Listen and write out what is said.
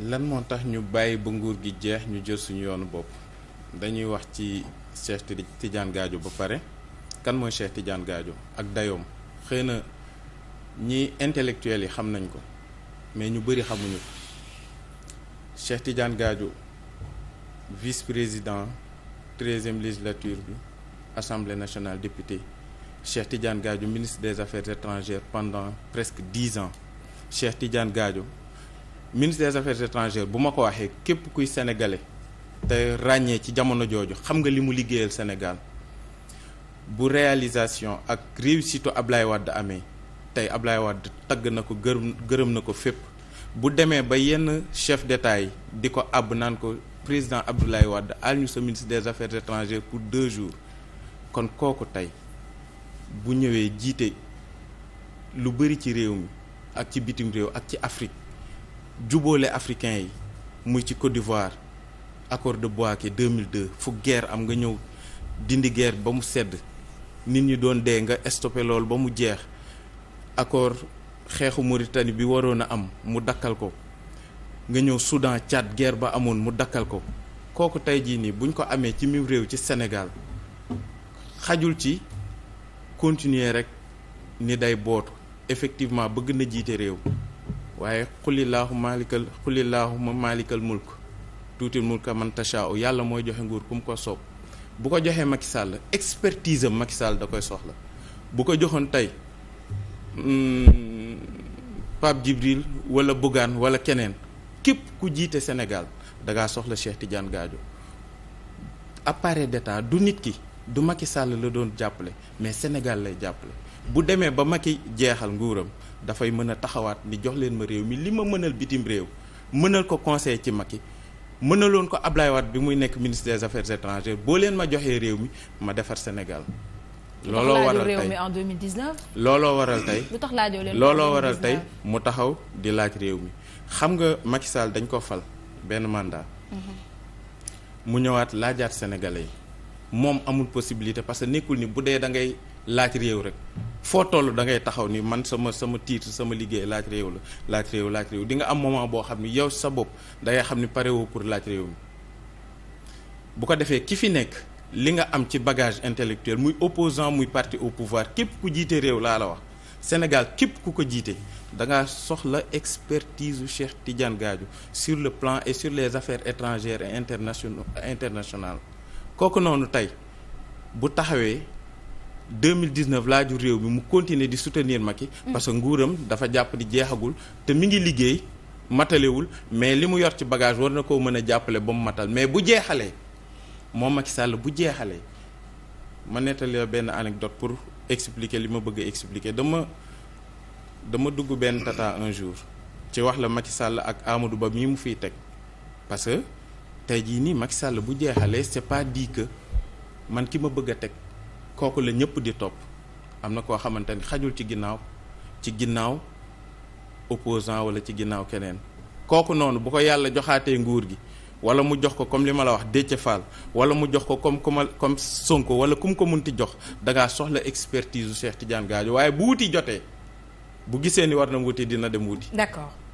lan moo tax ñu bàyyi ba nguur gi jeex ñu jël suñu yoonu bopp dañuy wax ci Cheikh Tidiane gaajo ba pare kan mooy Cheikh Tidiane gaajo ak dayoom xëy na ñi intellectuels yi xam nañ ko mais ñu bëri xamuñu ko Cheikh Tidiane Gadio vice-président treizième législature bi assemblée nationale député Cheikh Tidiane Gadio ministre des affaires étrangères pendant presque dix ans Cheikh Tidiane gaajo ministre des affaires étrangères bu ma ko waxee képp kuy sénégalais te ràññee ci jamono jooju xam nga li mu liggéeyal Sénégal bu réalisation ak réussite Ablaye wadd amee tey Ablaye wadd tagg na ko gërëm gërëm na ko fépp bu demee ba yenn chef d'État yi di ko àbb naan ko président Abdoulaye wadd al ñu sa ministre des affaires étrangères pour deux jours kon kooku tey bu ñëwee jiite lu bëri ci réew mi ak ci bitim réew ak ci Afrique jubale africains yi muy ci Côte d'Ivoire accord de Bouaké 2002 fu guerre am nga ñëw dindi guerre ba mu sedd nit ñi doon dee nga stoppé loolu ba mu jeex accord xeexu Mauritanie bi waroon a am mu dakkal ko nga ñëw Soudan cat guerre ba amoon mu dakkal ko kooku tey jii nii buñ ko amee ci mim réew ci senegal xajul ci continuer rek ni day bootu effectivement bëgg na jiite réew waaye xulillaahu maalikal xulillahuma maalikal mulk tuutil mulka man tashaaw yàlla mooy joxe nguur ku mu ko soob bu ko joxee Macky Sall expertise am Macky Sall da koy soxla bu ko joxoon tey hmm, Pape Djibril wala Bougane wala keneen képp ku jiite Sénégal da ngaa soxla Cheikh Tidiane Gadio appareil d'État du nit ki du Macky Sall la doon jàppale mais Sénégal lay jàppale bu demee ba Macky jeexal nguuram dafay mën a taxawaat ni jox leen ma réew mi li ma mënal bitim réew mënal ko conseil ci Macky mënaloon ko Ablaye bi muy nekk ministre des affaires étrangères boo leen ma joxee réew mi ma defar Sénégal. looloo waral tey réew mi looloo waral tey lu tax laajoo looloo waral tey mu taxaw di laaj réew mi xam nga Macky Sall dañ ko fal benn mandat. Mm-hmm. mu ñëwaat laajaat sénégalais yi moom amul possibilité parce que nekkul ni bu dee da ngay laaj réew rek foo toll da ngay taxaw ni man sama sama titre sama liggéey laaj réew la laaj réew laaj réew di nga am moment boo xam ni yow sa bopp da ngay xam ni pare woo pour laaj réew mi bu ko defee ki fi nekk li nga am ci bagage intellectuel muy opposant muy parti au pouvoir képp ku jiite réew laa la wax Sénégal képp ku ko jiite da nga soxla expertise u Cheikh Tidiane Gadio sur le plan et sur les affaires étrangères et internationales internationales kooku noonu tey bu taxawee 2019 laaju réew bi mu continuer di soutenir Macky parce que nguuram dafa jàpp di jeexagul te mi ngi liggéey matalewul mais li mu yor ci bagage war na koo mën a jàppale ba mu matal mais bu jeexalee moo Macky Sall bu jeexalee ma nettali la benn anecdote pour expliquer li ma bëgg expliquer dama dama dugg benn tata un jour ci wax la Macky Sall ak Amadou Ba mii mu fi teg parce que tey jii nii Macky Sall bu jeexalee c'est pas dit que man ki ma bëgg a teg kooku la ñëpp di topp am na koo xamante ni xajul ci ginnaaw ci ginnaaw opposant wala ci ginnaaw keneen kooku noonu bu ko yàlla joxaatee nguur gi wala mu jox ko comme li ma la wax Déthié Fall wala mu jox ko comme comme comme Sonko wala kum ko mun ti jox da ngaa soxla expertise u Cheikh Tidiane Gadio waaye bu wuti jotee bu gisee ni war na wuti dina dem wuti d'accord